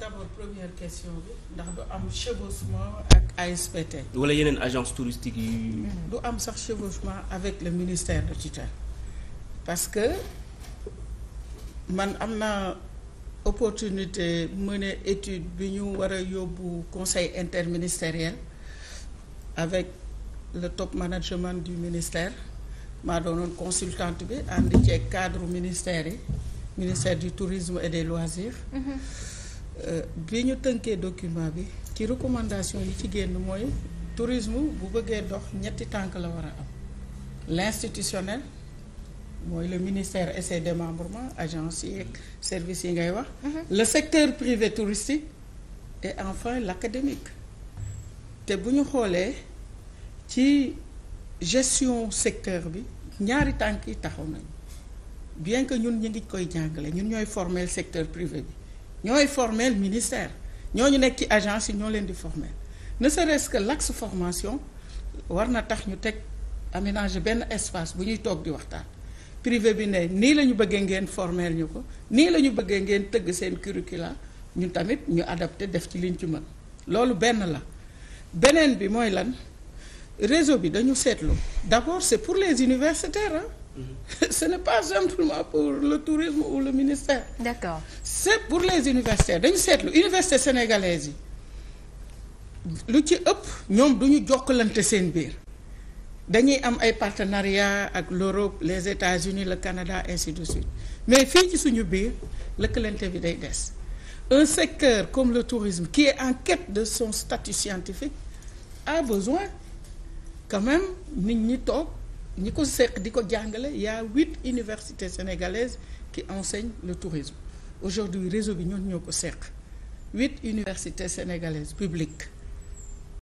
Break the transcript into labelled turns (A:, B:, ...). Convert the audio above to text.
A: d'abord première question bi ndax du am chevauchement ak ASPT. wala yeneen agence touristique yi. du am sax chevauchement avec le ministère de tutelle parce que man am naa opportunité mener étude bi ñu war a yóbbu conseil interministériel avec le top management du ministère maa doonoon consultante bi ànd ceeg cadre ministère yi ministère du tourisme et des loisirs. mm Euh, bi ñu tënkee document bi ci recommandation yi ci génn mooy tourisme bu bëggee dox ñetti tànk la war a am l'institutionnel mooy le ministère et membre démembrements agence yi services yi ngay wax mm-hmm. le secteur privé touristique et enfin l'académique te bu ñu xoolee ci gestion secteur bi ñaari tànk yi taxaw nañ bien que ñun ñu ngi koy jàngale ñun ñooy former secteur privé bi ñooy formel ministère ñooñu nekk ci agence yi ñoo leen di formel ne serait-ce que formation war na tax ñu teg aménager benn espace bu ñuy toog di waxtaan privé bi ne nii lañu bëggee ngeen formel ñu ko nii la ñu bëggee ngeen tëgg seen curricula ñun tamit ñu adapté def ci liñ ci mën loolu benn la beneen bi mooy lan réseau bi dañu seetlu d'abord c'est pour les universitaires ah. Mm-hmm. ce n'est pas simplement pour le tourisme ou le ministère. D'accord. c'est pour les universitaires dañu seetlu université sénégalaise yi lu ci ëpp ñoom duñu ñu jokkalante seen biir dañuy am ay partenariat ak l'Europe les États-Unis le Canada ainsi de suite mais fii ci suñu biir lëkkalante bi day des un secteur comme le tourisme qui est en quête de son statut scientifique a besoin quand nit ñi toog ñi ko seq di ko jàngale y a huit universités sénégalaises qui enseignent le tourisme aujourd'hui réseau bi ñun ñoo ko seq huit université sénégalaises publiques